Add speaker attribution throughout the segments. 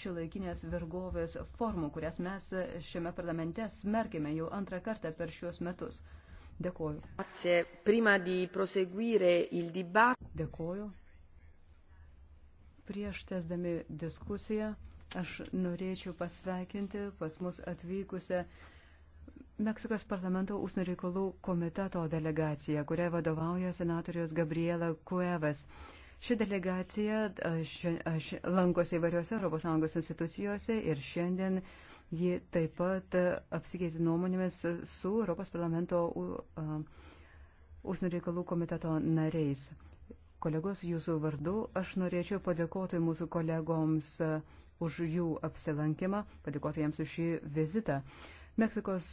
Speaker 1: šiuolaikinės vergovės formų, kurias mes šiame parlamente smerkime jau antrą kartą per šiuos metus. Dėkoju. Dėkoju. Prieš tesdami diskusiją aš norėčiau pasveikinti pas mus atvykusią Meksikos parlamento užsienio reikalų komiteto delegacija, kuriai vadovauja senatorius Gabriela Kuevas. Ši delegacija lankosi įvairiose ES institucijose ir šiandien ji taip pat apsikeitė nuomonėmis su Europos parlamento užsienio reikalų komiteto nariais. Kolegos, jūsų vardu aš norėčiau padėkoti mūsų kolegoms už jų apsilankimą, padėkoti jiems už šį vizitą. Meksikos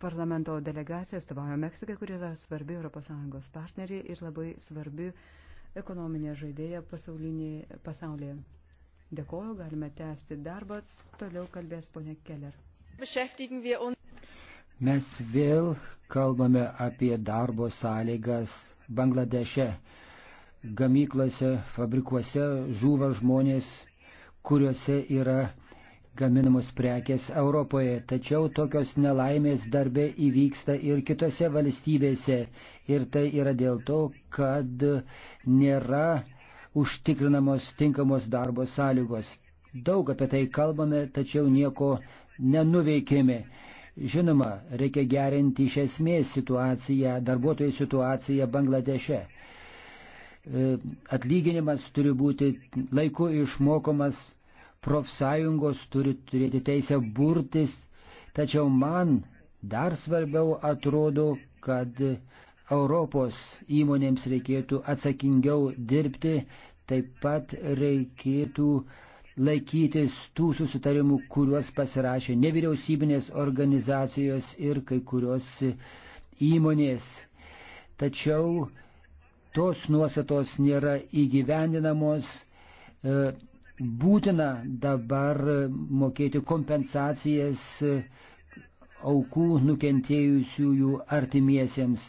Speaker 1: parlamento delegacija atstovauja Meksiką, kuri yra svarbi ES partneriai ir labai svarbi ekonominė žaidėja pasaulyje. Dėkoju, galime tęsti darbą. Toliau kalbės ponia Keller.
Speaker 2: Mes vėl kalbame apie darbo sąlygas Bangladeše. Gamyklose, fabrikuose žūva žmonės, kuriuose yra gaminamos prekės Europoje, tačiau tokios nelaimės darbė įvyksta ir kitose valstybėse. Ir tai yra dėl to, kad nėra užtikrinamos tinkamos darbo sąlygos. Daug apie tai kalbame, tačiau nieko nenuveikėme. Žinoma, reikia gerinti iš esmės situaciją, darbuotojų situaciją Bangladeše e, atlyginimas turi būti laiku išmokomas profsąjungos turi turėti teisę burtis, tačiau man dar svarbiau atrodo, kad Europos įmonėms reikėtų atsakingiau dirbti, taip pat reikėtų laikytis tų susitarimų, kuriuos pasirašė nevyriausybinės organizacijos ir kai kurios įmonės. Tačiau tos nuostatos nėra įgyvendinamos. E, būtina dabar mokėti kompensacijas aukų nukentėjusiųjų artimiesiems.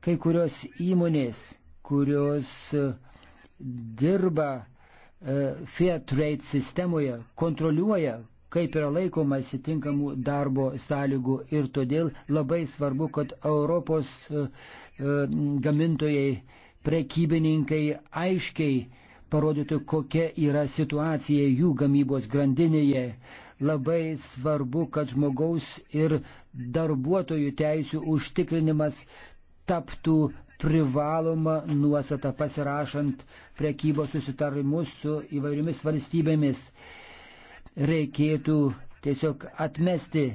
Speaker 2: Kai kurios įmonės, kurios dirba e, fair trade sistemoje, kontroliuoja, kaip yra laikomasi tinkamų darbo sąlygų ir todėl labai svarbu, kad Europos e, e, gamintojai, prekybininkai aiškiai parodytų, kokia yra situacija jų gamybos grandinėje. Labai svarbu, kad žmogaus ir darbuotojų teisų užtikrinimas taptų privaloma nuostata pasirašant prekybos susitarimus su įvairiomis valstybėmis. Reikėtų tiesiog atmesti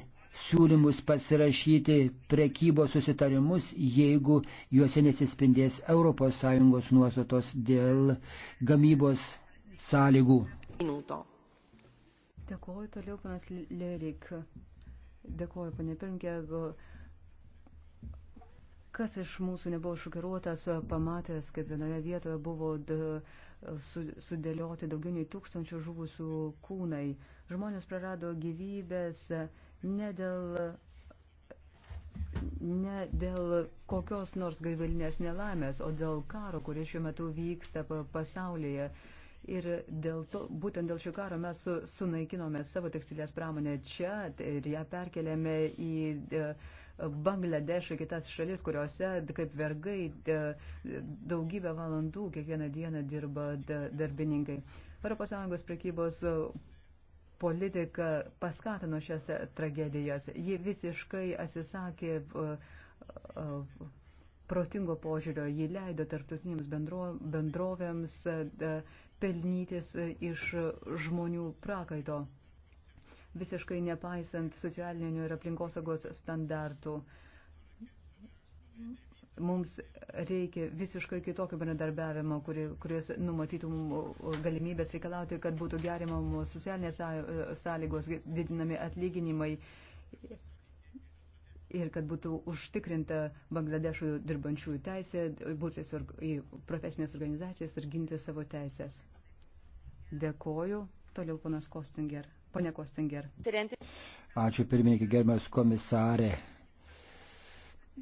Speaker 2: siūlymus pasirašyti prekybos susitarimus, jeigu juose nesispindės ES nuostatos dėl gamybos sąlygų. Minuto.
Speaker 1: Dėkuoju toliau, panas Lerik. Dėkuoju, panė Pirmke. Kas iš mūsų nebuvo šokiruotas, pamatęs, kad vienoje vietoje buvo sudėlioti daugiau nei tūkstančių žuvusių kūnai. Žmonės prarado gyvybės ne dėl, ne dėl kokios nors gaivalinės nelaimės, o dėl karo, kuris šiuo metu vyksta pasaulyje. Ir dėl to, būtent dėl šio karo mes sunaikinome savo tekstilės pramonę čia ir ją perkeliame į e, Bangladešą, kitas šalis, kuriuose kaip vergai daugybę valandų kiekvieną dieną dirba darbininkai. ES prekybos politika paskatino šias tragedijas. Ji visiškai atsisakė e, e, protingo požiūrio, ji leido tarptautinėms bendro, bendrovėms e, pelnytis iš žmonių prakaito, visiškai nepaisant socialinių ir aplinkosaugos standartų. Mums reikia visiškai kitokio bendradarbiavimo, kuris numatytų galimybės reikalauti, kad būtų gerimamos socialinės e, sąlygos, didinami atlyginimai ir kad būtų užtikrinta Bangladešų dirbančiųjų teisė būtis į profesinės organizacijas ir ginti savo teisės. Dėkoju. Toliau ponas Kostinger. Pone Kostinger.
Speaker 2: Ačiū pirmininkai, gerbiamas komisarė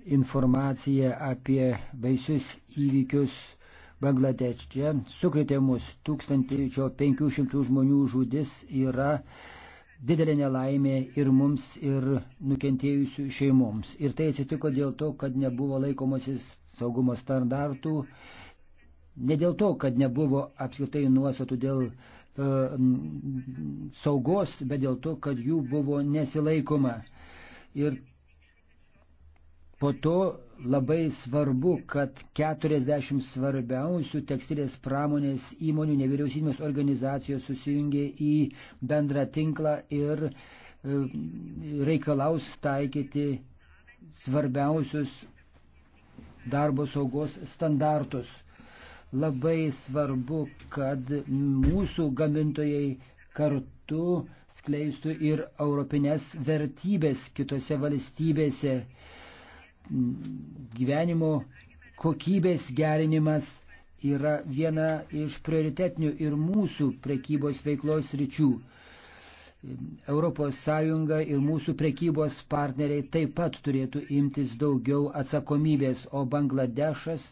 Speaker 2: informacija apie baisius įvykius Bangladeše. Sukretė mus 1500 žmonių žudis yra didelė nelaimė ir mums, ir nukentėjusių šeimoms. Ir tai atsitiko dėl to, kad nebuvo laikomasis saugumo standartų, ne dėl to, kad nebuvo apskritai nuostatų dėl e, saugos, bet dėl to, kad jų buvo nesilaikoma. Ir Po to labai svarbu, kad 40 svarbiausių tekstilės pramonės įmonių nevyriausybinės organizacijos susijungė į bendrą tinklą ir e, reikalaus taikyti svarbiausius darbo saugos standartus. Labai svarbu, kad mūsų gamintojai kartu skleistų ir europinės vertybės kitose valstybėse gyvenimo kokybės gerinimas yra viena iš prioritetinių ir mūsų prekybos veiklos ryčių. ES ir mūsų prekybos partneriai taip pat turėtų imtis daugiau atsakomybės, o Bangladešas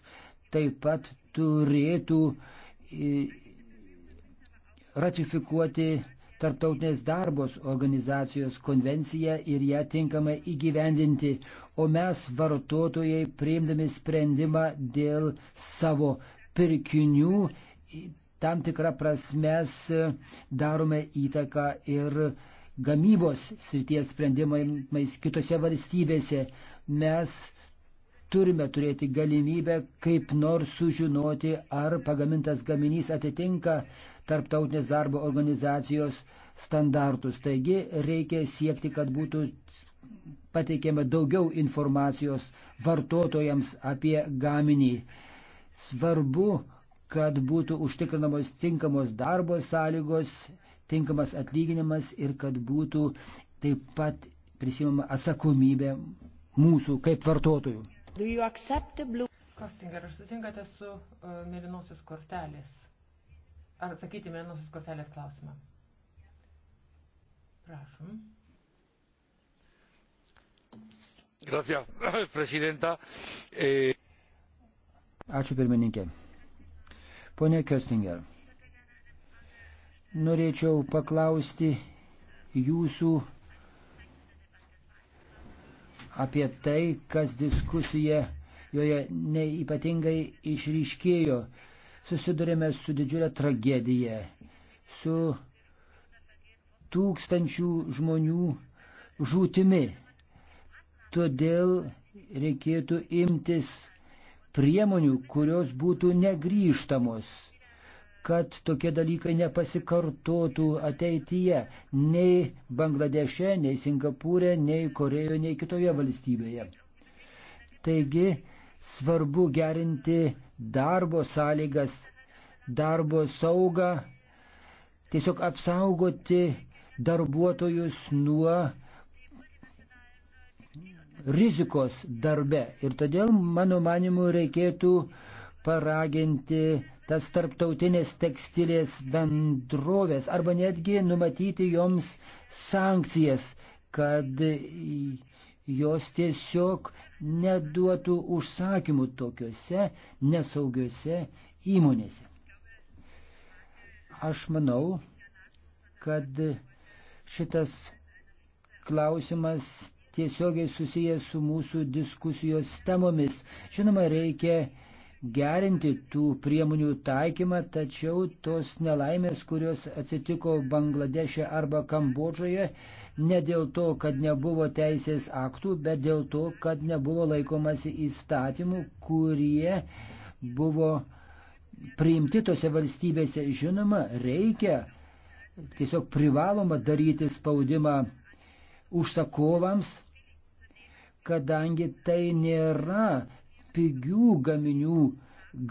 Speaker 2: taip pat turėtų e, ratifikuoti tarptautinės darbos organizacijos konvenciją ir ją tinkamai įgyvendinti, o mes vartotojai priimdami sprendimą dėl savo pirkinių tam tikrą prasmes darome įtaką ir gamybos srities sprendimais kitose valstybėse. Mes turime turėti galimybę kaip nors sužinoti, ar pagamintas gaminys atitinka tarptautinės darbo organizacijos standartus. Taigi reikia siekti, kad būtų pateikiama daugiau informacijos vartotojams apie gaminį. Svarbu, kad būtų užtikrinamos tinkamos darbo sąlygos, tinkamas atlyginimas ir kad būtų taip pat prisimama atsakomybė mūsų kaip vartotojų.
Speaker 3: Kostinger, ar sutinkate su uh, mėlynosios kortelės Ar atsakyti mėnosios kortelės klausimą? Prašom. Gracias, presidenta. Eh...
Speaker 2: Ačiū pirmininkė. Pone Köstinger, norėčiau paklausti jūsų apie tai, kas diskusijoje neypatingai išryškėjo susidurėme su didžiulė tragedija, su tūkstančių žmonių žūtimi. Todėl reikėtų imtis priemonių, kurios būtų negryžtamos, kad tokie dalykai nepasikartotų ateityje nei Bangladeše, nei Singapūrė, nei Korejoje, nei kitoje valstybėje. Taigi svarbu gerinti darbo sąlygas, darbo saugą, tiesiog apsaugoti darbuotojus nuo rizikos darbe. Ir todėl, mano manimu, reikėtų paraginti tas tarptautinės tekstilės bendrovės arba netgi numatyti joms sankcijas, kad jos tiesiog neduotų užsakymų tokiuose nesaugiuose įmonėse. Aš manau, kad šitas klausimas tiesiogiai susijęs su mūsų diskusijos temomis. Žinoma, reikia gerinti tų priemonių taikymą, tačiau tos nelaimės, kurios atsitiko Bangladeše arba Kambodžoje, ne dėl to, kad nebuvo teisės aktų, bet dėl to, kad nebuvo laikomasi įstatymų, kurie buvo priimti tose valstybėse. Žinoma, reikia tiesiog privaloma daryti spaudimą užsakovams, kadangi tai nėra pigių gaminių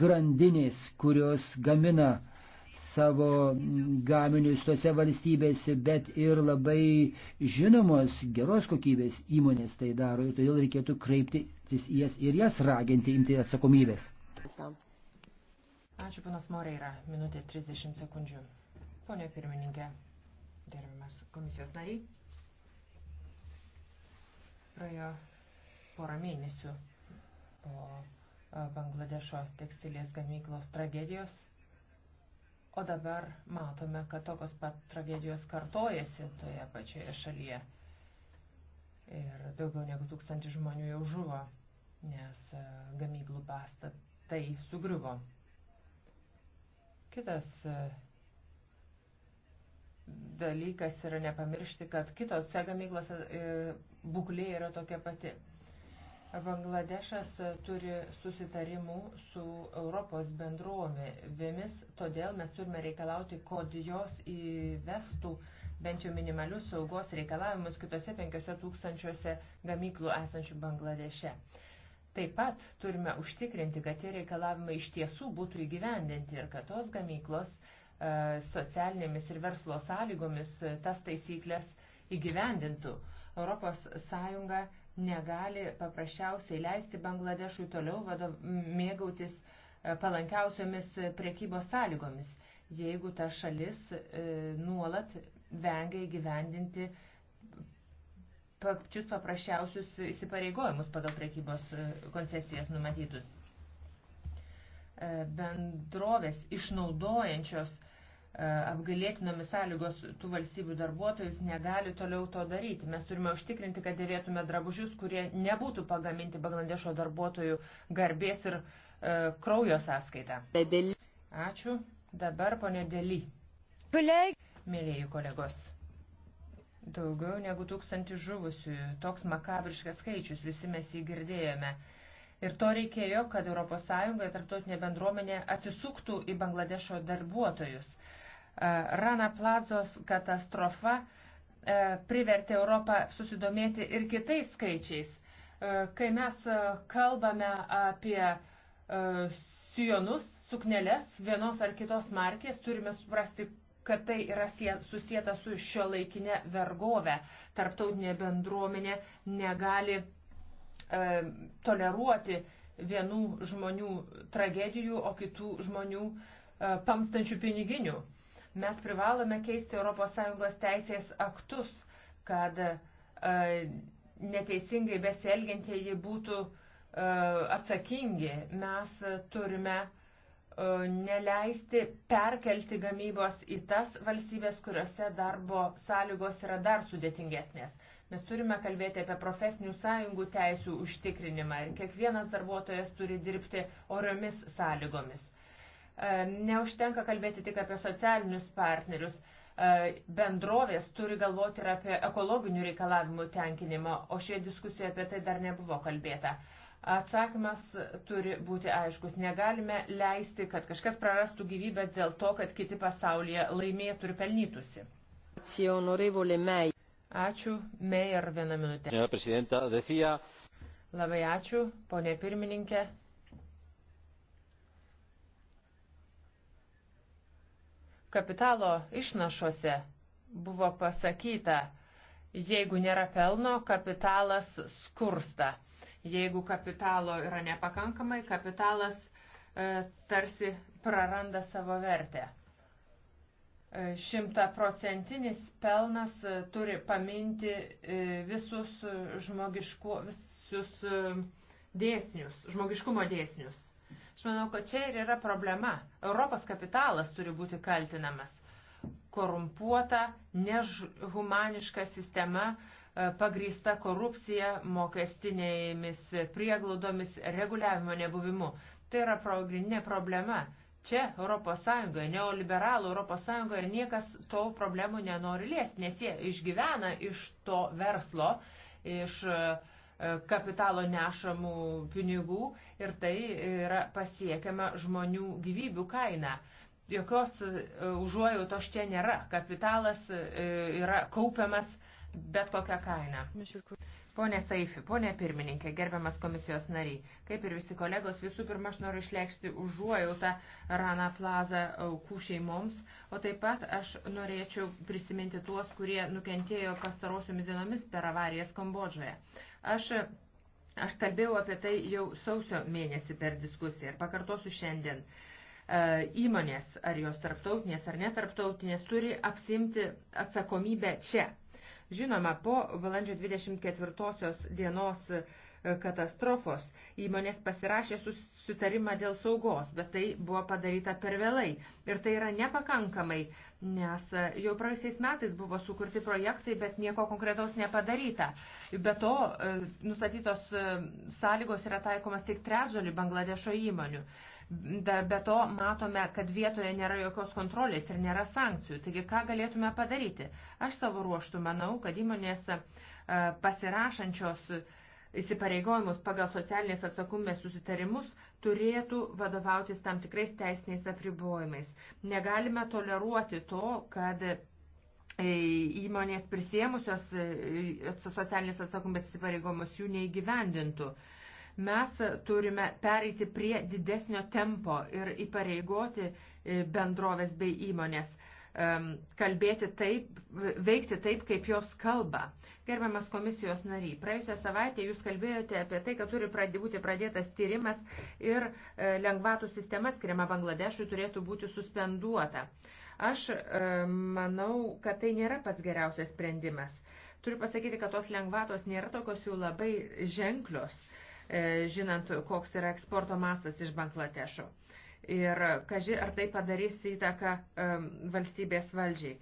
Speaker 2: grandinės, kurios gamina savo gaminius tose valstybėse, bet ir labai žinomos geros kokybės įmonės tai daro ir todėl reikėtų kreiptis į jas ir jas raginti imti atsakomybės.
Speaker 3: Ačiū, panas Moreira, minutė 30 sekundžių. Pone pirmininkė, gerbiamas komisijos nariai, praėjo porą mėnesių po Bangladešo tekstilės gamyklos tragedijos. O dabar matome, kad tokios pat tragedijos kartojasi toje pačioje šalyje. Ir daugiau negu tūkstantį žmonių jau žuvo, nes gamyklų pastatai sugriuvo. Kitas dalykas yra nepamiršti, kad kitose gamyklose būklė yra tokia pati. Bangladešas turi susitarimų su Europos bendruomėmis, todėl mes turime reikalauti, kad jos įvestų bent jau minimalius saugos reikalavimus kitose penkiose tūkstančiuose gamyklų esančių Bangladeše. Taip pat turime užtikrinti, kad tie reikalavimai iš tiesų būtų įgyvendinti ir kad tos gamyklos e, socialinėmis ir verslo sąlygomis tas taisyklės įgyvendintų. Europos Sąjunga negali paprasčiausiai leisti Bangladešui toliau vado, mėgautis e, palankiausiomis prekybos sąlygomis, jeigu ta šalis e, nuolat vengia įgyvendinti pačius paprasčiausius įsipareigojimus pagal prekybos e, koncesijas numatytus. Bendrovės išnaudojančios uh, E, apgailėtinomis sąlygos tų valstybių darbuotojus negali toliau to daryti. Mes turime užtikrinti, kad dėvėtume drabužius, kurie nebūtų pagaminti Bangladešo darbuotojų garbės ir e, kraujo sąskaitą. Ačiū. Dabar ponė Dėly. Mėlėjų kolegos. Daugiau negu tūkstantį žuvusių. Toks makabriškas skaičius, visi mes jį girdėjome. Ir to reikėjo, kad ES ir tarptautinė bendruomenė atsisuktų į Bangladešo darbuotojus E, Rana Plazos katastrofa e, privertė Europą susidomėti ir kitais skaičiais. E, kai mes kalbame apie sijonus, sukneles vienos ar kitos markės, turime suprasti, kad tai yra susijęta su šio laikinė vergovė. Tarptautinė bendruomenė negali e, toleruoti vienų žmonių tragedijų, o kitų žmonių e, pamstančių piniginių. Mes privalome keisti ES teisės aktus, kad e, neteisingai besielgiantieji būtų e, atsakingi. Mes turime e, neleisti perkelti gamybos į tas valstybės, kuriuose darbo sąlygos yra dar sudėtingesnės. Mes turime kalbėti apie profesinių sąjungų teisų užtikrinimą ir kiekvienas darbuotojas turi dirbti oriomis sąlygomis. E, neužtenka kalbėti tik apie socialinius partnerius. E, bendrovės turi galvoti ir apie ekologinių reikalavimų tenkinimą, o šioje diskusijoje apie tai dar nebuvo kalbėta. Atsakymas turi būti aiškus. Negalime leisti, kad kažkas prarastų gyvybę dėl to, kad kiti pasaulyje laimėtų ir pelnytųsi. Ačiū, Meir, vieną
Speaker 1: minutę.
Speaker 3: Labai ačiū, ponė pirmininkė. kapitalo išnašuose buvo pasakyta, jeigu nėra pelno, kapitalas skursta. Jeigu kapitalo yra nepakankamai, kapitalas e, tarsi praranda savo vertę. E, šimtaprocentinis pelnas e, turi paminti e, visus žmogiškų, visus dėsnius, žmogiškumo dėsnius. Aš manau, kad čia ir yra problema. Europos kapitalas turi būti kaltinamas. Korumpuota, nehumaniška sistema, e, pagrįsta korupcija, mokestinėmis prieglaudomis, reguliavimo nebuvimu. Tai yra pagrindinė problema. Čia ES, neoliberalų ES niekas to problemų nenori liesti, nes jie išgyvena iš to verslo, iš uh, E, kapitalo nešamų pinigų ir tai yra pasiekiama žmonių gyvybių kaina. Jokios e, užuojautos čia nėra. Kapitalas e, yra kaupiamas bet kokią kainą. Pone Saifi, pone pirmininkė, gerbiamas komisijos nariai, kaip ir visi kolegos, visų pirma, aš noriu išleikšti užuojautą Rana Plaza aukų šeimoms, o taip pat aš norėčiau prisiminti tuos, kurie nukentėjo pastarosiomis dienomis per avarijas Kambodžoje. Aš Aš kalbėjau apie tai jau sausio mėnesį per diskusiją ir pakartosiu šiandien. E, įmonės, ar jos tarptautinės ar netarptautinės, turi apsimti atsakomybę čia, Žinoma, po valandžio 24 dienos e, katastrofos įmonės pasirašė susitarimą dėl saugos, bet tai buvo padaryta per vėlai. Ir tai yra nepakankamai, nes e, jau praėjusiais metais buvo sukurti projektai, bet nieko konkretaus nepadaryta. Be to, e, nustatytos sąlygos yra taikomas tik trečdaliu Bangladešo įmonių. Be to matome, kad vietoje nėra jokios kontrolės ir nėra sankcijų. Taigi, ką galėtume padaryti? Aš savo ruoštų manau, kad įmonės e, pasirašančios įsipareigojimus pagal socialinės atsakomės susitarimus turėtų vadovautis tam tikrais teisiniais apribojimais. Negalime toleruoti to, kad e, įmonės prisėmusios e, socialinės atsakomės įsipareigojimus jų neįgyvendintų. Mes turime pereiti prie didesnio tempo ir įpareigoti e, bendrovės bei įmonės kalbėti taip, veikti taip, kaip jos kalba. Gerbiamas komisijos nariai, praėjusią savaitę jūs kalbėjote apie tai, kad turi pradė, būti pradėtas tyrimas ir e, lengvatų sistema skiriama Bangladešui turėtų būti suspenduota. Aš e, manau, kad tai nėra pats geriausias sprendimas. Turiu pasakyti, kad tos lengvatos nėra tokios jau labai ženklios E, žinant, koks yra eksporto mastas iš Bangladešo. Ir kaži, ar tai padarys įtaką e, valstybės valdžiai.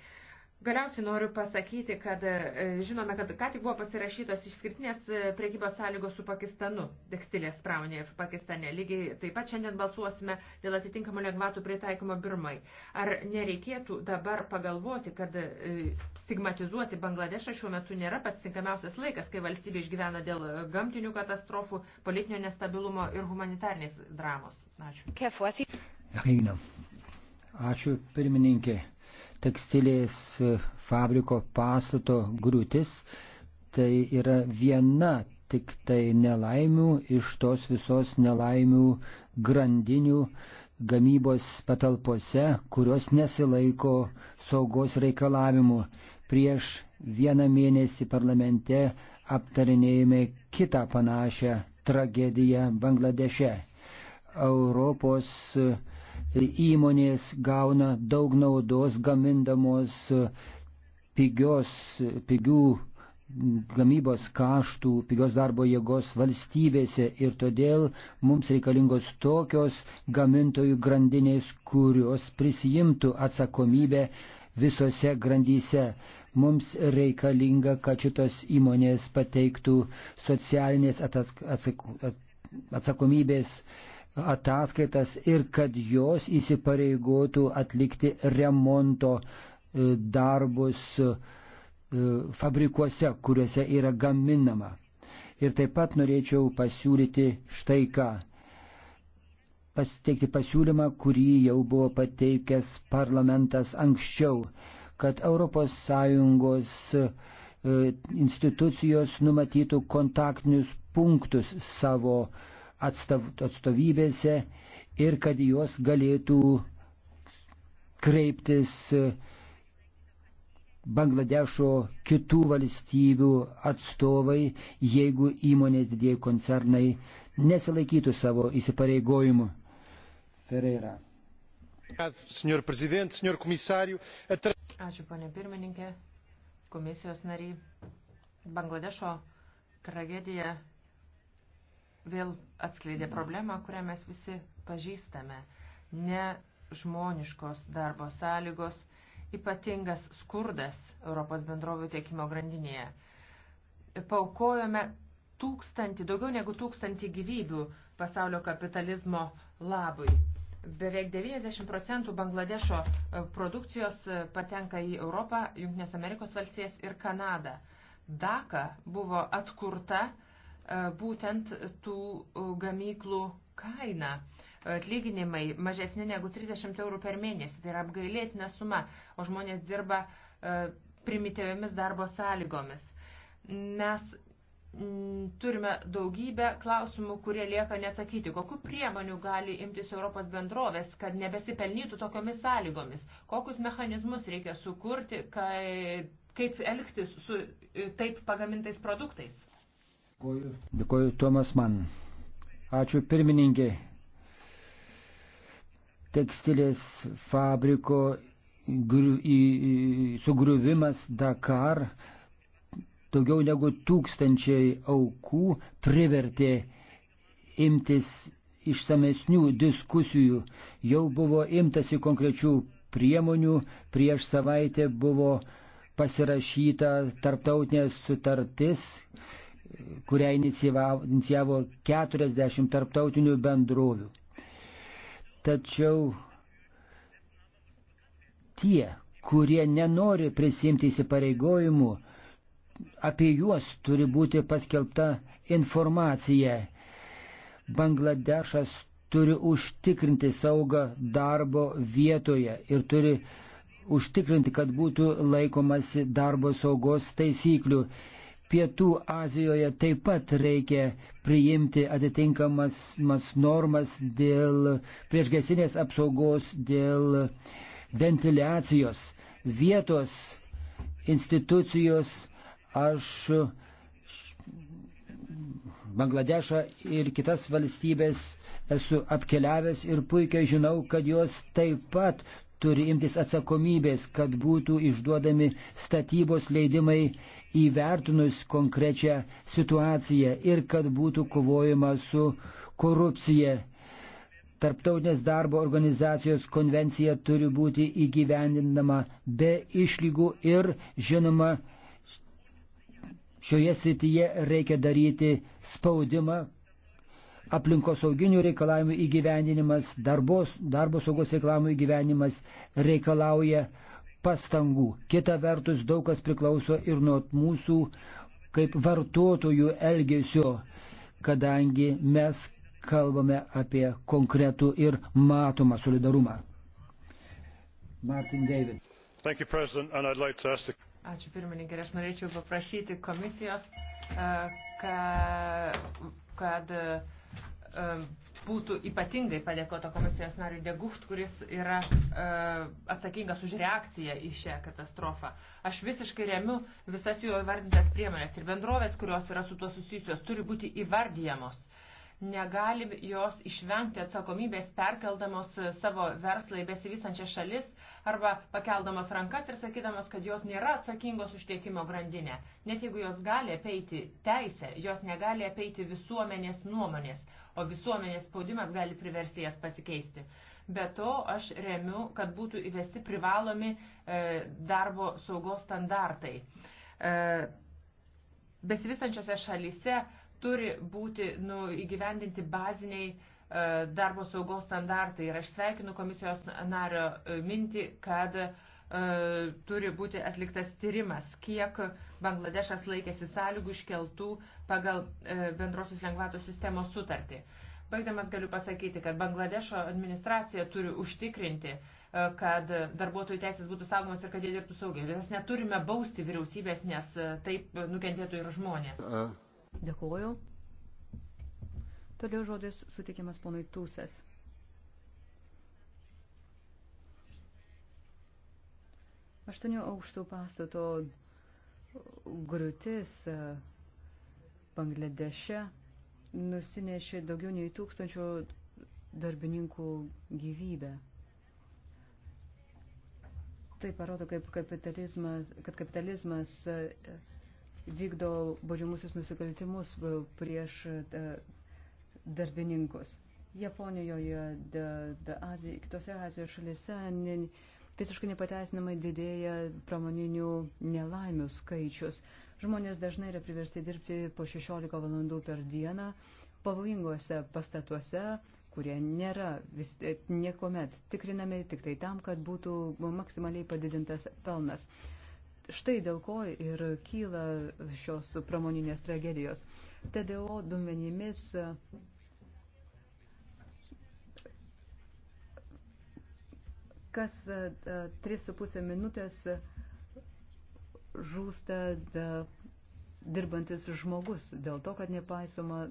Speaker 3: Galiausiai noriu pasakyti, kad e, žinome, kad ką tik buvo pasirašytos išskirtinės e, prekybos sąlygos su Pakistanu, tekstilės pramonėje Pakistane. Lygiai taip pat šiandien balsuosime dėl atitinkamų lengvatų pritaikymo Birmai. Ar nereikėtų dabar pagalvoti, kad e, stigmatizuoti Bangladešą šiuo metu nėra pats tinkamiausias laikas, kai valstybė išgyvena dėl gamtinių katastrofų, politinio nestabilumo ir humanitarnės dramos? Ačiū.
Speaker 2: Ačiū, pirmininkė tekstilės fabriko pastato griūtis, tai yra viena tik tai nelaimių iš tos visos nelaimių grandinių gamybos patalpose, kurios nesilaiko saugos reikalavimų. Prieš vieną mėnesį parlamente aptarinėjome kitą panašią tragediją Bangladeše. Europos uh, įmonės gauna daug naudos gamindamos e, pigios, e, pigių gamybos kaštų, pigios darbo jėgos valstybėse ir todėl mums reikalingos tokios gamintojų grandinės, kurios prisijimtų atsakomybę visose grandyse. Mums reikalinga, kad šitos įmonės pateiktų socialinės atsakomybės ataskaitas ir kad jos įsipareigotų atlikti remonto e, darbus e, fabrikuose, kuriuose yra gaminama. Ir taip pat norėčiau pasiūlyti štai ką. Pasteikti pasiūlymą, kurį jau buvo pateikęs parlamentas anksčiau, kad ES e, institucijos numatytų kontaktinius punktus savo uh, atstav, atstovybėse ir kad jos galėtų kreiptis e, Bangladešo kitų valstybių atstovai, jeigu įmonės didieji koncernai nesilaikytų savo įsipareigojimų. Ferreira.
Speaker 3: Ačiū, ponė pirmininkė, komisijos nariai. Bangladešo tragedija vėl atskleidė problemą, kurią mes visi pažįstame. Ne žmoniškos darbo sąlygos, ypatingas skurdas Europos bendrovių tiekimo grandinėje. Paukojome tūkstantį, daugiau negu tūkstantį gyvybių pasaulio kapitalizmo labui. Beveik 90 procentų Bangladešo e, produkcijos e, patenka į Europą, Junktinės Amerikos valstijas ir Kanadą. Daka buvo atkurta uh, E, būtent tų e, gamyklų kainą. Atlyginimai mažesni negu 30 eurų per mėnesį, tai yra apgailėtina suma, o žmonės dirba e, primityviamis darbo sąlygomis. Mes turime daugybę klausimų, kurie lieka neatsakyti. Kokiu priemonių gali imtis Europos bendrovės, kad nebesipelnytų tokiomis sąlygomis? Kokius mechanizmus reikia sukurti, kai, kaip elgtis su taip pagamintais produktais?
Speaker 2: Dėkuoju. Dėkuoju Tomas Man. Ačiū pirmininkė. Tekstilės fabriko sugriuvimas Dakar daugiau negu tūkstančiai aukų privertė imtis išsamesnių diskusijų. Jau buvo imtasi konkrečių priemonių, prieš savaitę buvo pasirašyta tarptautinė sutartis, kurią inicijavo 40 tarptautinių bendrovių. Tačiau tie, kurie nenori prisimti įsipareigojimų, apie juos turi būti paskelbta informacija. Bangladešas turi užtikrinti saugą darbo vietoje ir turi užtikrinti, kad būtų laikomasi darbo saugos taisyklių. Pietų Azijoje taip pat reikia priimti atitinkamas normas dėl priešgesinės apsaugos, dėl ventiliacijos. Vietos institucijos aš Bangladešą ir kitas valstybės esu apkeliavęs ir puikiai žinau, kad jos taip pat turi imtis atsakomybės, kad būtų išduodami statybos leidimai įvertinus konkrečią situaciją ir kad būtų kovojama su korupcija. Tarptautinės darbo organizacijos konvencija turi būti įgyvendinama be išlygų ir, žinoma, šioje srityje reikia daryti spaudimą, aplinkosauginių reikalavimų įgyvendinimas, darbos, darbo saugos reikalavimų įgyvendinimas reikalauja pastangų. Kita vertus, daug kas priklauso ir nuo mūsų kaip vartotojų elgesio, kadangi mes kalbame apie konkretų ir matomą solidarumą. Martin David. Thank you, President, and I'd like to ask the...
Speaker 3: Ačiū pirmininkė, aš norėčiau paprašyti komisijos, e, kad, kad E, būtų ypatingai padėkota komisijos nariu Degucht, kuris yra e, atsakingas už reakciją į šią katastrofą. Aš visiškai remiu visas jo įvardintas priemonės ir bendrovės, kurios yra su tuo susijusios, turi būti įvardyjamos. Negali jos išvengti atsakomybės perkeldamos savo verslą į besivysančias šalis arba pakeldamos rankas ir sakydamos, kad jos nėra atsakingos už tiekimo grandinę. Net jeigu jos gali apeiti teisę, jos negali apeiti visuomenės nuomonės o visuomenės spaudimas gali priversti jas pasikeisti. Be to, aš remiu, kad būtų įvesti privalomi e, darbo saugos standartai. E, besivystančiose šalyse turi būti nu, įgyvendinti baziniai e, darbo saugos standartai. Ir aš sveikinu komisijos nario mintį, kad uh, E, turi būti atliktas tyrimas, kiek Bangladešas laikėsi sąlygų iškeltų pagal e, bendrosios lengvatos sistemos sutartį. Baigdamas galiu pasakyti, kad Bangladešo administracija turi užtikrinti, e, kad darbuotojų teisės būtų saugomas ir kad jie dirbtų saugiai. Mes neturime bausti vyriausybės, nes taip nukentėtų ir žmonės.
Speaker 1: Dėkuoju. Toliau žodis sutikimas ponui Tūsas. aštuonių aukštų pastato griūtis e, Bangladeše nusinešė daugiau nei tūkstančio darbininkų gyvybę. Tai parodo, kaip kapitalizmas, kad kapitalizmas e, vykdo baudžiamusius nusikaltimus e, prieš darbininkus. Japonijoje, da, da, Azija, kitose Azijos šalise ne, visiškai nepateisinamai didėja pramoninių nelaimių skaičius. Žmonės dažnai yra priversti dirbti po 16 valandų per dieną pavojingose pastatuose, kurie nėra vis, e, niekuomet tikrinami tik tai tam, kad būtų maksimaliai padidintas pelnas. Štai dėl ko ir kyla šios pramoninės tragedijos. TDO duomenimis kas 3,5 e, e, minutės žūsta e, dirbantis žmogus dėl to, kad nepaisoma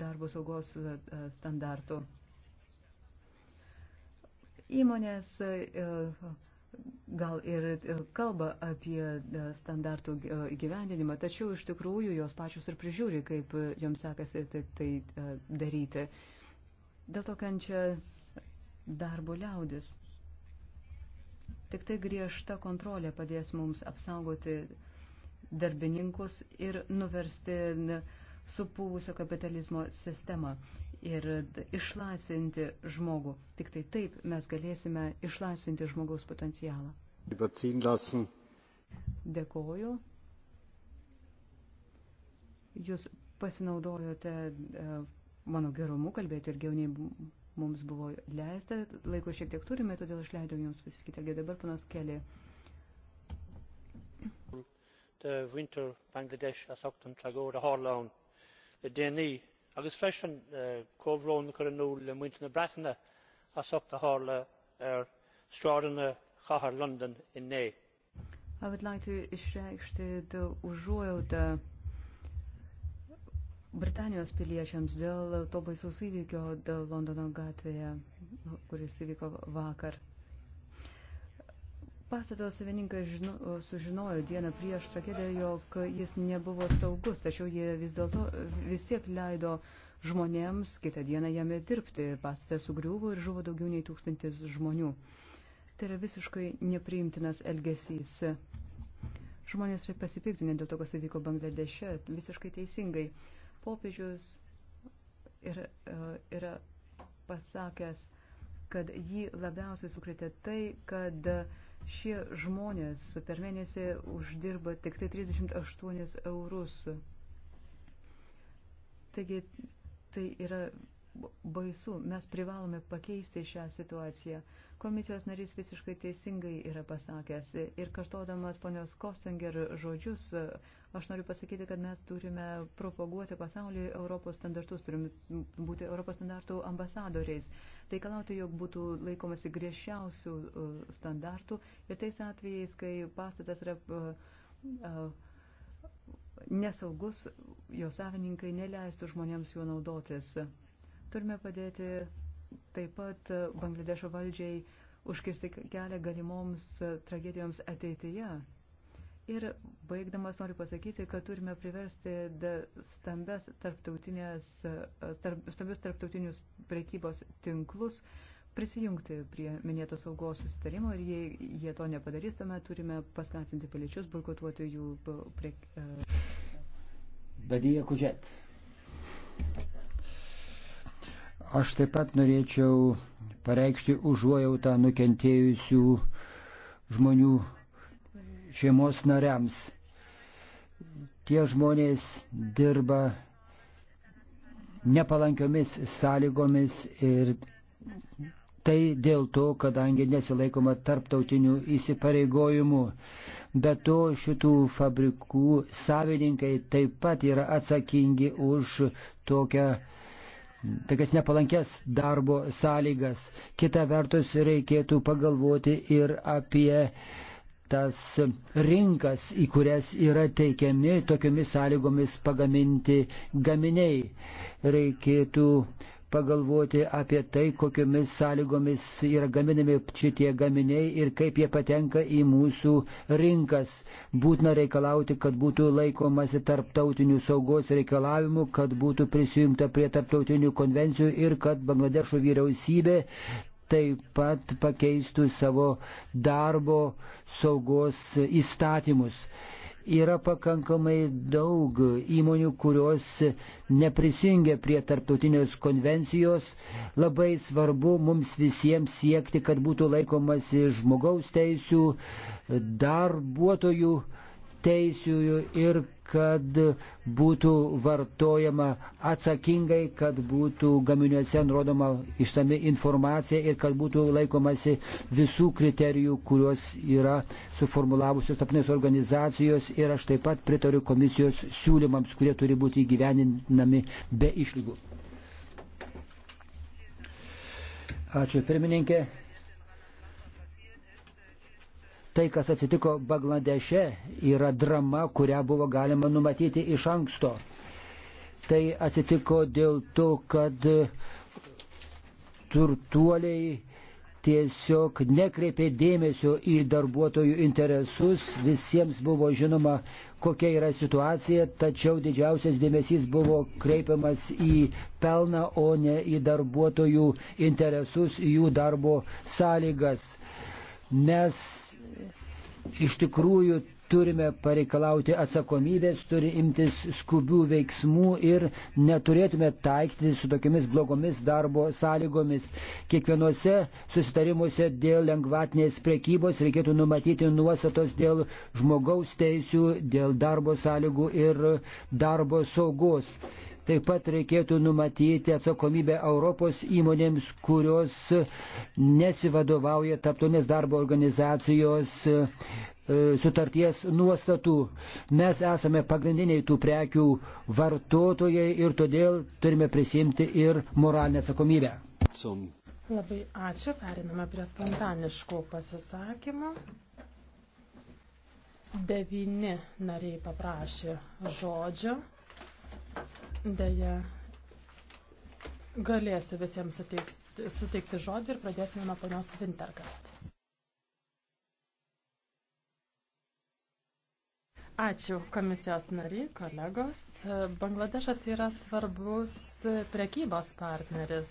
Speaker 1: darbo saugos standartų. Įmonės gal ir kalba apie standartų gyvendinimą, tačiau iš tikrųjų jos pačios ir prižiūri, kaip joms sekasi tai, tai daryti. Dėl to kančia darbo liaudis. Tik tai griežta kontrolė padės mums apsaugoti darbininkus ir nuversti supūvusią kapitalizmo sistemą ir išlaisvinti žmogų. Tik tai taip mes galėsime išlaisvinti žmogaus potencialą. Dėkoju. Jūs pasinaudojote e, mano gerumu kalbėti ilgiau nei mums buvo leista. Laiko šiek tiek turime, todėl išleidau jums pasisakyti. Argi dabar panas Kelė.
Speaker 3: de winter bangladesh a sochtn tagóra hálán le déanaí e agus freisin comhrón go nó le muintina breataine a socht a hála ar stradanna chathair london inné.
Speaker 1: I would like to išreikšti užuojautą Britanijos piliečiams dėl to baisaus įvykio dėl Londono gatvėje, kuris įvyko vakar. Pastato savininkas žino, sužinojo dieną prieš tragediją, jog jis nebuvo saugus, tačiau jie vis dėlto vis tiek leido žmonėms kitą dieną jame dirbti. Pastatas sugriuvo ir žuvo daugiau nei tūkstantis žmonių. Tai yra visiškai nepriimtinas elgesys. Žmonės pasipiktinė dėl to, kas įvyko Bangladeše, visiškai teisingai. Uh, popiežius yra, e, yra pasakęs, kad jį labiausiai sukrėtė tai, kad šie žmonės per mėnesį uždirba tik tai 38 eurus. Taigi tai yra baisu. Mes privalome pakeisti šią situaciją. Komisijos narys visiškai teisingai yra pasakęs ir kartodamas ponios Kostinger žodžius, aš noriu pasakyti, kad mes turime propaguoti pasaulyje Europos standartus, turime būti Europos standartų ambasadoriais, reikalauti, jog būtų laikomasi griežčiausių e, standartų ir tais atvejais, kai pastatas yra e, e, nesaugus, jo savininkai neleistų žmonėms juo naudotis. Turime padėti taip pat e, Bangladešo valdžiai užkirsti kelią galimoms e, tragedijoms ateityje. Ir baigdamas noriu pasakyti, kad turime priversti stambes tarptautinės, e, tarp, stambius tarptautinius prekybos tinklus prisijungti prie minėto saugos susitarimo ir jei jie to nepadarys, tuomet turime paskatinti piliečius boikotuoti jų prie.
Speaker 2: Badija Kužet. Aš taip pat norėčiau pareikšti užuojautą nukentėjusių žmonių šeimos nariams. Tie žmonės dirba nepalankiomis sąlygomis ir tai dėl to, kadangi nesilaikoma tarptautinių įsipareigojimų. Be to šitų fabrikų savininkai taip pat yra atsakingi už tokią tokias nepalankes darbo sąlygas. Kita vertus reikėtų pagalvoti ir apie tas rinkas, į kurias yra teikiami tokiomis sąlygomis pagaminti gaminiai. Reikėtų uh, pagalvoti apie tai, kokiamis sąlygomis yra gaminami šitie gaminiai ir kaip jie patenka į mūsų rinkas. Būtina reikalauti, kad būtų laikomasi tarptautinių saugos reikalavimų, kad būtų prisijungta prie tarptautinių konvencijų ir kad Bangladešo vyriausybė taip pat pakeistų savo darbo saugos įstatymus yra pakankamai daug įmonių, kurios neprisijungia prie tarptautinės konvencijos. Labai svarbu mums visiems siekti, kad būtų laikomasi žmogaus teisų, darbuotojų teisiųjų ir kad būtų vartojama atsakingai, kad būtų gaminiuose nurodoma išsami informacija ir kad būtų laikomasi visų kriterijų, kuriuos yra suformulavusios tapnės organizacijos ir aš taip pat pritariu komisijos siūlymams, kurie turi būti įgyveninami be išlygų. Ačiū pirmininkė. Tai, kas atsitiko Bangladeše, yra drama, kurią buvo galima numatyti iš anksto. Tai atsitiko dėl to, kad turtuoliai tiesiog nekreipė dėmesio į darbuotojų interesus, visiems buvo žinoma, kokia yra situacija, tačiau didžiausias dėmesys buvo kreipiamas į pelną, o ne į darbuotojų interesus, į jų darbo sąlygas. Mes iš tikrųjų turime pareikalauti atsakomybės, turi imtis skubių veiksmų ir neturėtume taikstyti su tokiamis blogomis darbo sąlygomis. Kiekvienose susitarimuose dėl lengvatinės prekybos reikėtų numatyti nuostatos dėl žmogaus teisių, dėl darbo sąlygų ir darbo saugos. Taip pat reikėtų numatyti atsakomybę Europos įmonėms, kurios nesivadovauja taptonės darbo organizacijos e, sutarties nuostatų. Mes esame pagrindiniai tų prekių vartotojai ir todėl turime prisimti ir moralinę atsakomybę.
Speaker 4: Labai ačiū, periname prie spontaniškų pasisakymų. Devini nariai paprašė žodžio. Deja, galėsiu visiems suteiks, suteikti žodį ir pradėsime nuo ponios Vintergast. Ačiū komisijos nariai, kolegos. Bangladešas yra svarbus prekybos partneris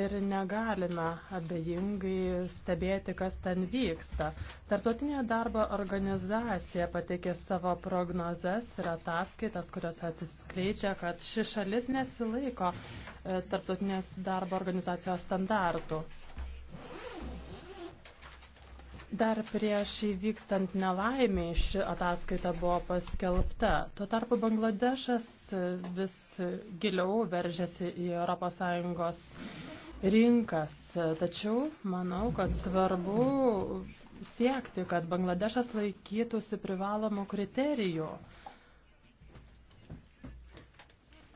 Speaker 4: ir negalime abejingai stebėti, kas ten vyksta. Tartutinė darbo organizacija pateikė savo prognozes ir ataskaitas, kuriuose atsiskleidžia, kad ši šalis nesilaiko e, tarptautinės darbo organizacijos standartų. Dar prieš įvykstant nelaimiai ši ataskaita buvo paskelbta. Tuo tarpu Bangladešas vis giliau veržiasi į ES rinkas. Tačiau manau, kad svarbu siekti, kad Bangladešas laikytųsi privalomų kriterijų.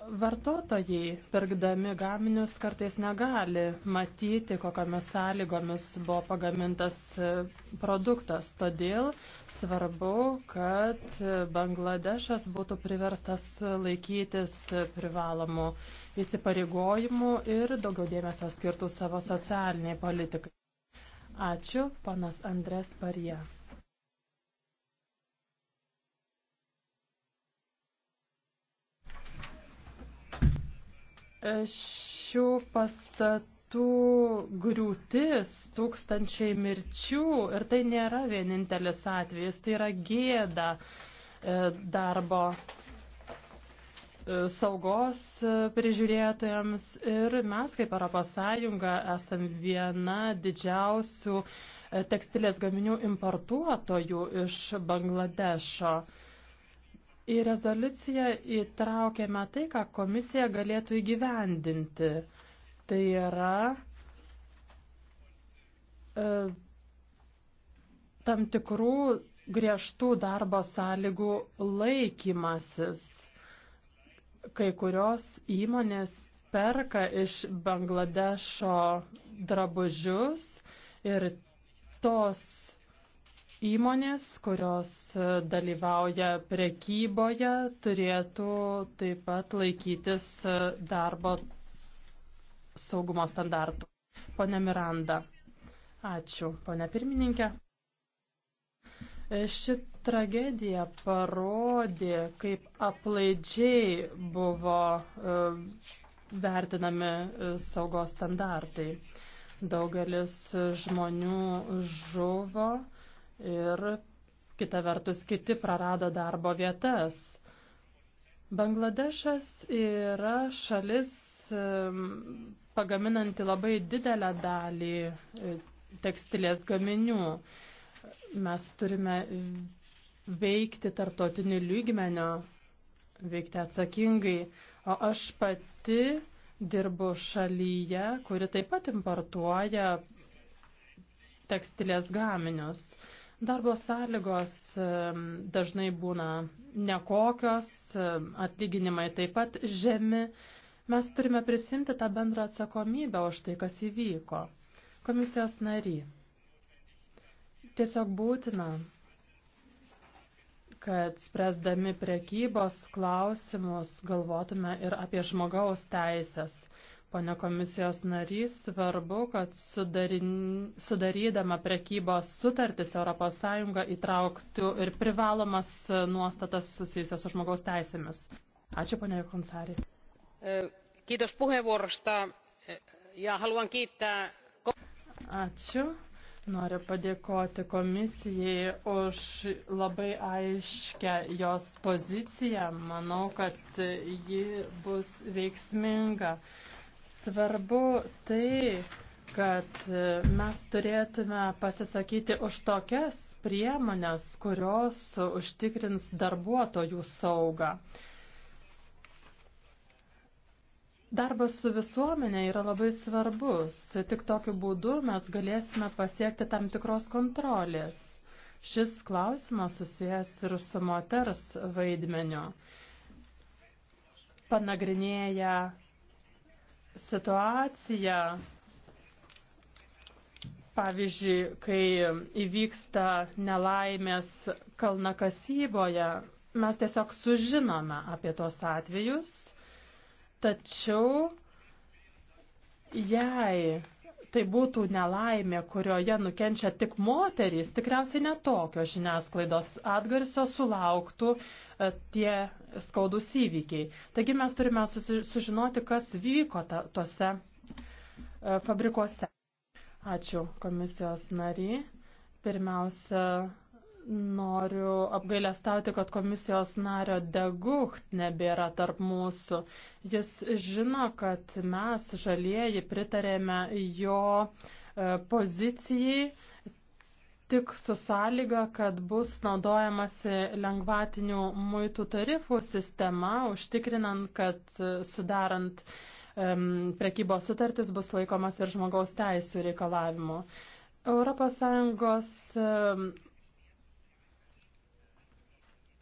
Speaker 4: Vartotojai, pirkdami gaminius, kartais negali matyti, kokiamis sąlygomis buvo pagamintas e, produktas. Todėl svarbu, kad Bangladešas būtų priverstas laikytis privalomų įsipareigojimų ir daugiau dėmesio skirtų savo socialiniai politikai. Ačiū, panas Andres Parija. šių pastatų griūtis, tūkstančiai mirčių ir tai nėra vienintelis atvejis, tai yra gėda e, darbo e, saugos e, prižiūrėtojams ir mes kaip Europos Sąjunga esam viena didžiausių tekstilės gaminių importuotojų iš Bangladešo. Į rezoliuciją įtraukėme tai, ką komisija galėtų įgyvendinti. Tai yra e, tam tikrų griežtų darbo sąlygų laikymasis. Kai kurios įmonės perka iš Bangladešo drabužius ir tos Įmonės, kurios e, dalyvauja prekyboje, turėtų taip pat laikytis e, darbo saugumo standartų. Pone Miranda. Ačiū, pone pirmininkė. E, ši tragedija parodė, kaip aplaidžiai buvo vertinami saugos standartai. Daugelis žmonių žuvo ir kita vertus kiti prarado darbo vietas. Bangladešas yra šalis pagaminanti labai didelę dalį e, tekstilės gaminių. Mes turime veikti tartotiniu lygmenio, veikti atsakingai. O aš pati dirbu šalyje, kuri taip pat importuoja tekstilės gaminius. Darbo sąlygos dažnai būna nekokios, atlyginimai taip pat žemi. Mes turime prisimti tą bendrą atsakomybę už tai, kas įvyko. Komisijos nary. Tiesiog būtina, kad spręsdami prekybos klausimus galvotume ir apie žmogaus teisės. Pane komisijos narys, svarbu, kad sudarin, sudarydama prekybos sutartis ES įtrauktų ir privalomas nuostatas susijusios su žmogaus teisėmis. Ačiū, pane Konsari. E, kiitos puheenvuorosta e, ja haluan kiittää. Ačiū. Noriu padėkoti komisijai už labai aiškę jos poziciją. Manau, kad ji bus veiksminga. Svarbu tai, kad mes turėtume pasisakyti už tokias priemonės, kurios užtikrins darbuotojų saugą. Darbas su visuomenė yra labai svarbus. Tik tokiu būdu mes galėsime pasiekti tam tikros kontrolės. Šis klausimas susijęs ir su moters vaidmeniu. Panagrinėję situaciją, pavyzdžiui, kai įvyksta nelaimės kalnakasyboje, mes tiesiog sužinome apie tuos atvejus, tačiau jei tai būtų nelaimė, kurioje nukenčia tik moterys, tikriausiai netokio žiniasklaidos atgarsio sulauktų e, tie skaudus įvykiai. Taigi mes turime sužinoti, kas vyko ta, tose e, fabrikuose. Ačiū komisijos nariai. Pirmiausia, Noriu apgailestauti, kad komisijos nario Degucht nebėra tarp mūsų. Jis žino, kad mes žalieji pritarėme jo e, pozicijai tik su sąlyga, kad bus naudojamasi lengvatinių muitų tarifų sistema, užtikrinant, kad e, sudarant um, prekybos sutartis bus laikomas ir žmogaus teisų reikalavimu. ES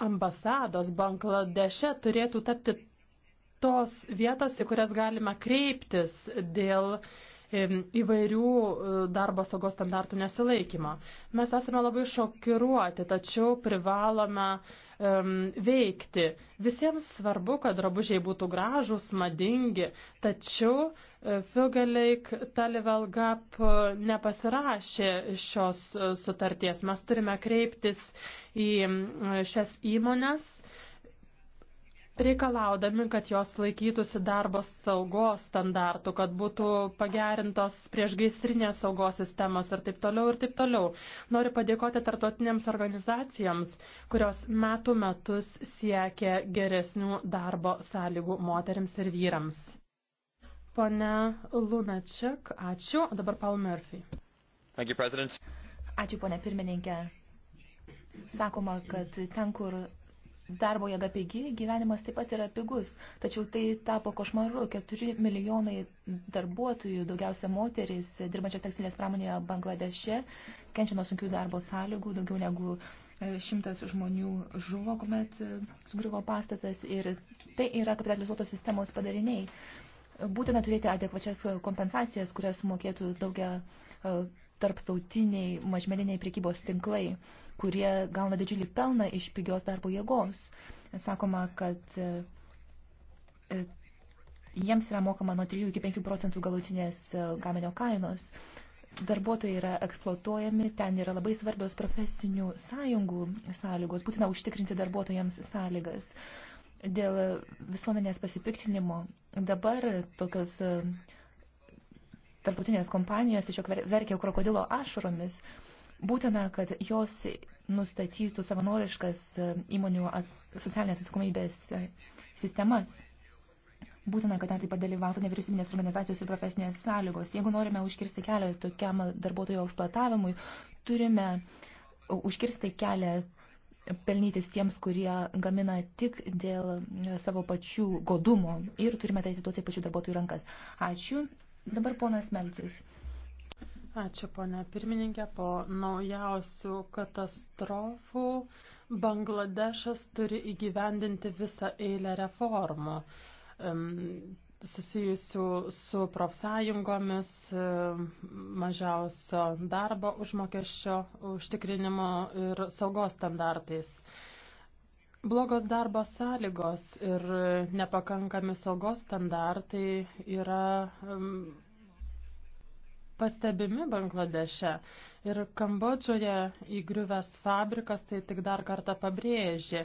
Speaker 4: ambasados Bangladeše turėtų tapti tos vietos, į kurias galima kreiptis dėl įvairių e, darbo saugos standartų nesilaikymo. Mes esame labai šokiruoti, tačiau privalome um, veikti. Visiems svarbu, kad drabužiai būtų gražūs, madingi, tačiau e, Filgaleik Talivelgap e, nepasirašė šios e, sutarties. Mes turime kreiptis į šias įmonės reikalaudami, kad jos laikytųsi darbo saugos standartų, kad būtų pagerintos priešgaisrinės saugos sistemos ir taip toliau ir taip toliau. Noriu padėkoti tartuotinėms organizacijoms, kurios metų metus siekia geresnių darbo sąlygų moteriams ir vyrams. Pone Lunačiak, ačiū. Dabar
Speaker 5: Paul Murphy.
Speaker 4: Thank you, President.
Speaker 5: Ačiū, pone pirmininkė. Sakoma, kad ten, kur darbo jėga pigi, gyvenimas taip pat yra pigus. Tačiau tai tapo košmaru. 4 milijonai darbuotojų, daugiausia moteris, dirbančios tekstilės pramonėje Bangladeše, kenčia nuo sunkių darbo sąlygų, daugiau negu e, šimtas žmonių žuvo, kuomet e, sugriuvo pastatas ir tai yra kapitalizuotos sistemos padariniai. Būtina turėti adekvačias kompensacijas, kurias sumokėtų daugia e, tarptautiniai mažmeniniai prekybos tinklai, kurie gauna didžiulį pelną iš pigios darbo jėgos. Sakoma, kad e, jiems yra mokama nuo 3 iki 5 procentų galutinės e, gaminio kainos. Darbuotojai yra eksploatuojami, ten yra labai svarbios profesinių sąjungų sąlygos, būtina užtikrinti darbuotojams sąlygas. Dėl visuomenės pasipiktinimo dabar tokios uh, tarptautinės kompanijos iš jo verkia krokodilo ašaromis, būtina, kad jos nustatytų savanoriškas e, įmonių socialinės atsakomybės e, sistemas. Būtina, kad ten taip pat dalyvautų nevyriausybinės organizacijos ir profesinės sąlygos. Jeigu norime užkirsti kelią tokiam darbuotojo eksploatavimui, turime užkirsti kelią pelnytis tiems, kurie gamina tik dėl e, savo pačių godumo ir turime tai atiduoti pačių darbuotojų rankas. Ačiū. Dabar ponas Melcis.
Speaker 4: Ačiū, ponia pirmininkė. Po naujausių katastrofų Bangladešas turi įgyvendinti visą eilę reformų susijusių su profsąjungomis, mažiausio darbo užmokesčio užtikrinimo ir saugos standartais. Blogos darbo sąlygos ir nepakankami saugos standartai yra um, pastebimi Bangladeše. Ir Kambodžoje įgriuvęs fabrikas tai tik dar kartą pabrėžė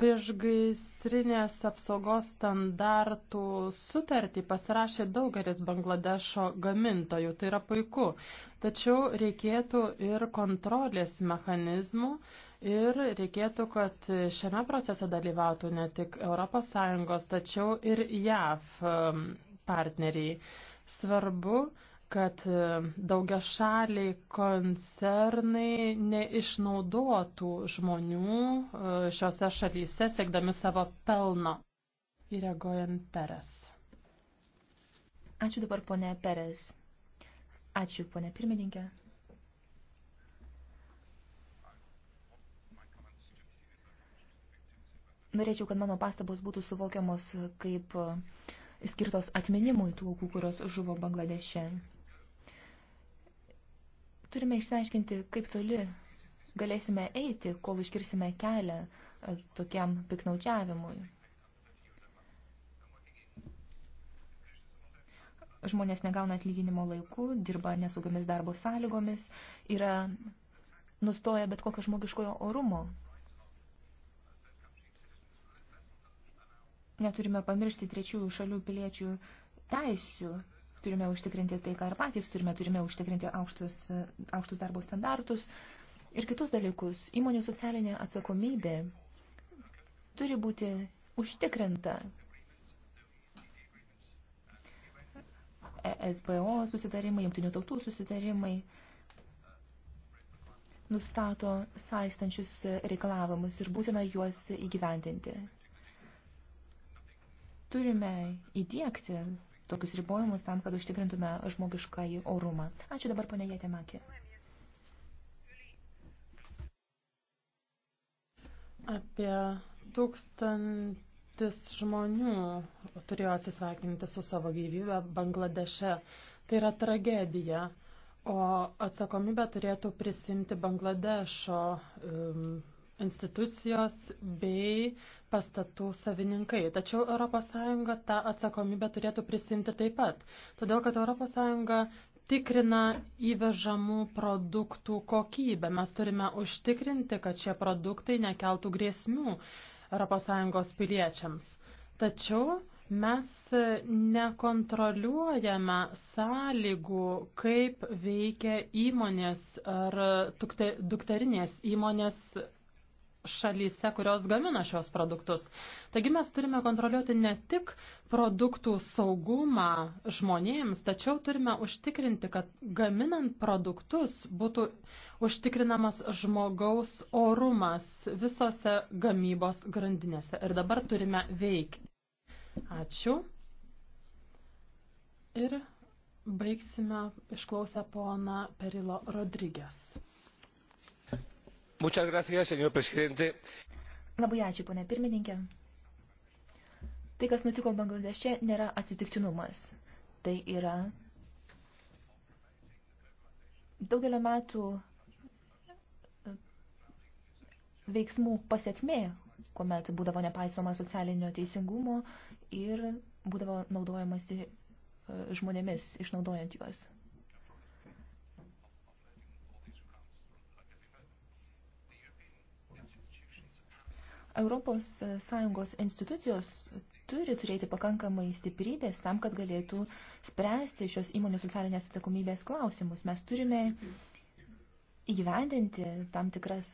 Speaker 4: priešgaisrinės apsaugos standartų sutartį pasirašė daugelis Bangladešo gamintojų, tai yra puiku. Tačiau reikėtų ir kontrolės mechanizmų ir reikėtų, kad šiame procese dalyvautų ne tik ES, tačiau ir JAV um, partneriai. Svarbu, kad e, daugia šaliai koncernai neišnaudotų žmonių e, šiuose šalyse, siekdami
Speaker 5: savo pelno. Įreagojant Peres. Ačiū dabar, ponė Peres. Ačiū, ponė pirmininkė. Norėčiau, kad mano pastabos būtų suvokiamos kaip e, skirtos atminimui tų aukų, kurios žuvo Bangladeše. Turime išsiaiškinti, kaip toli galėsime eiti, kol iškirsime kelią e, tokiam piknaudžiavimui. Žmonės negauna atlyginimo laiku, dirba nesaugomis darbo sąlygomis, yra nustoja bet kokio žmogiškojo orumo. Neturime pamiršti trečiųjų šalių piliečių teisių Turime užtikrinti tai, ką ir patys turime. Turime užtikrinti aukštus, aukštus darbo standartus ir kitus dalykus. Įmonių socialinė atsakomybė turi būti užtikrinta. ESBO susitarimai, jungtinių tautų susitarimai nustato saistančius reikalavimus ir būtina juos įgyvendinti. Turime įdėkti tokius ribojimus tam, kad užtikrintume žmogiškąjį orumą. Ačiū dabar, ponė Jėtemakė. Apie
Speaker 4: tūkstantis žmonių turėjo atsisveikinti su savo gyvybę Bangladeše. Tai yra tragedija, o atsakomybę turėtų prisimti Bangladešo um, institucijos bei pastatų savininkai. Tačiau ES tą atsakomybę turėtų prisimti taip pat, todėl kad ES tikrina įvežamų produktų kokybę. Mes turime užtikrinti, kad šie produktai nekeltų grėsmių ES piliečiams. Tačiau mes nekontroliuojame sąlygų, kaip veikia įmonės ar dukter, dukterinės įmonės šalyse, kurios gamina šios produktus. Taigi mes turime kontroliuoti ne tik produktų saugumą žmonėms, tačiau turime užtikrinti, kad gaminant produktus būtų užtikrinamas žmogaus orumas visose gamybos grandinėse. Ir dabar turime veikti. Ačiū. Ir baigsime išklausę poną Perilo Rodrygės.
Speaker 5: Muchas gracias, señor presidente. Labai ačiū, ponė pirmininkė. Tai, kas nutiko Bangladeše, nėra atsitiktinumas. Tai yra daugelio metų e, veiksmų pasiekmė, kuomet būdavo nepaisoma socialinio teisingumo ir būdavo naudojamasi e, žmonėmis, išnaudojant juos. ES institucijos turi turėti pakankamai stiprybės tam, kad galėtų spręsti šios įmonių socialinės atsakomybės klausimus. Mes turime įgyvendinti tam tikras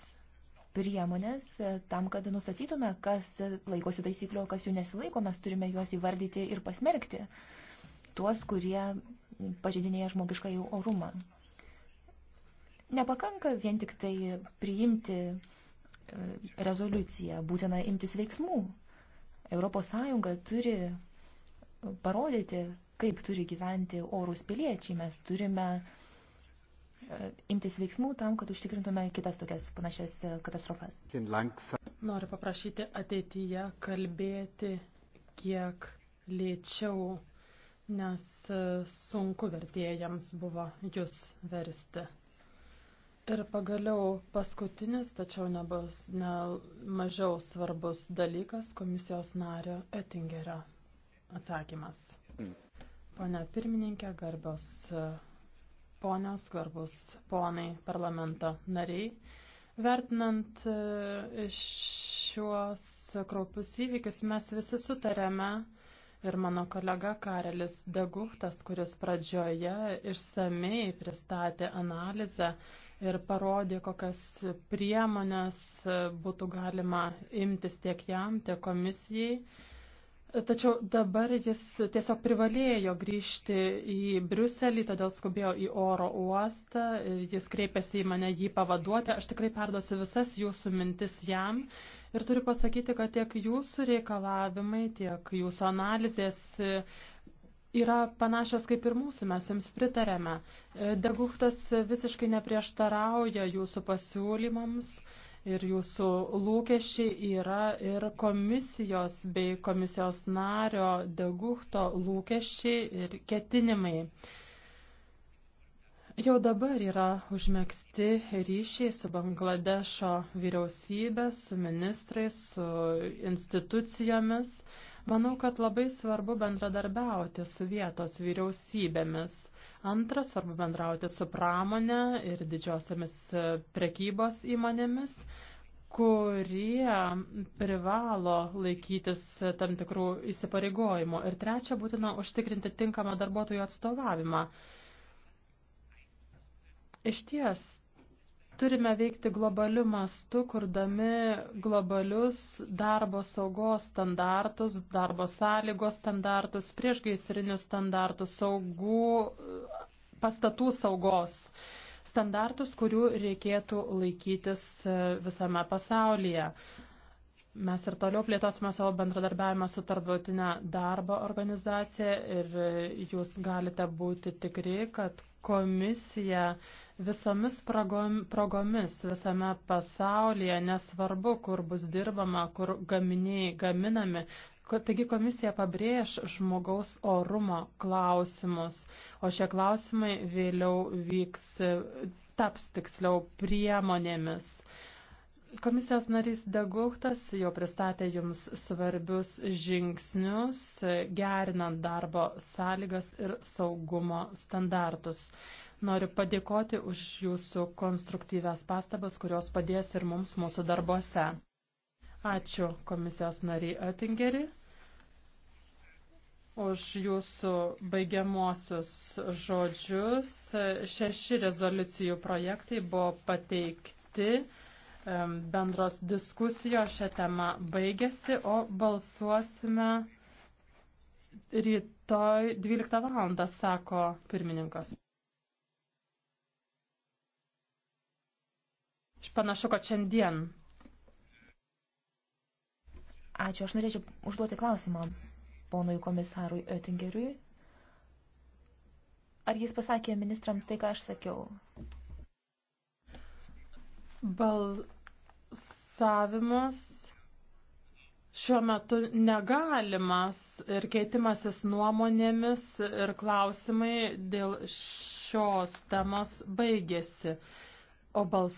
Speaker 5: priemonės e, tam, kad nustatytume, kas laikosi taisyklių, kas jų nesilaiko, mes turime juos įvardyti ir pasmerkti. Tuos, kurie pažeidinėja žmogišką jų orumą. Nepakanka vien tik tai priimti rezoliuciją, būtina imtis veiksmų. Europos Sąjunga turi parodyti, kaip turi gyventi orus piliečiai. Mes turime e, imtis veiksmų tam, kad užtikrintume kitas tokias panašias e, katastrofas. Noriu paprašyti ateityje
Speaker 4: kalbėti kiek lėčiau, nes e, sunku vertėjams buvo jūs versti. Ir pagaliau paskutinis, tačiau nebus ne mažiau svarbus dalykas komisijos nario Ettingerio atsakymas. Mm. Pone pirmininkė, garbios e, ponios, garbus ponai parlamento nariai, vertinant e, šiuos kraupius įvykius, mes visi sutarėme, ir mano kolega Karelis Deguhtas, kuris pradžioje išsamei pristatė analizę ir parodė, kokias priemonės būtų galima imtis tiek jam, tiek komisijai. Tačiau dabar jis tiesiog privalėjo grįžti į Briuselį, todėl skubėjo į oro uostą, jis kreipėsi į mane jį pavaduoti, aš tikrai perduosiu visas jūsų mintis jam ir turiu pasakyti, kad tiek jūsų reikalavimai, tiek jūsų analizės yra panašios kaip ir mūsų, mes jums pritarėme. E, Deguhtas visiškai neprieštarauja jūsų pasiūlymams ir jūsų lūkesčiai yra ir komisijos bei komisijos nario Deguhto lūkesčiai ir ketinimai. Jau dabar yra užmėgsti ryšiai su Bangladešo vyriausybė, su ministrais, su institucijomis. Manau, kad labai svarbu bendradarbiauti su vietos vyriausybėmis. Antra, svarbu bendrauti su pramonė ir didžiosiamis e, prekybos įmonėmis kurie privalo laikytis tam tikrų įsipareigojimų. Ir trečia, būtina užtikrinti tinkamą darbuotojų atstovavimą. Iš ties, Turime veikti globaliu mastu, kurdami globalius darbo saugos standartus, darbo sąlygos standartus, priešgaisrinius standartus, saugų, pastatų saugos standartus, kurių reikėtų laikytis visame pasaulyje. Mes ir toliau plėtosime savo bendradarbiavimą su tarptautinė darbo organizacija ir jūs galite būti tikri, kad komisija visomis progomis visame pasaulyje, nesvarbu, kur bus dirbama, kur gaminiai gaminami, Taigi komisija pabrėž žmogaus orumo klausimus, o šie klausimai vėliau vyks, taps tiksliau priemonėmis. Komisijos narys Daguktas jau pristatė Jums svarbius žingsnius, gerinant darbo sąlygas ir saugumo standartus. Noriu padėkoti už Jūsų konstruktyvės pastabas, kurios padės ir mums mūsų darbuose. Ačiū komisijos nariai Atingeri už jūsų baigiamuosius žodžius. Šeši rezoliucijų projektai buvo pateikti bendros diskusijos šią temą baigėsi, o balsuosime rytoj 12 val. sako pirmininkas.
Speaker 5: Panašu, kad šiandien. Ačiū, aš norėčiau užduoti klausimą ponui komisarui Oettingeriui. Ar jis pasakė ministrams tai, ką aš sakiau? Bal balsavimas šiuo
Speaker 4: metu negalimas ir keitimasis nuomonėmis ir klausimai dėl šios temos baigėsi, o balsavimas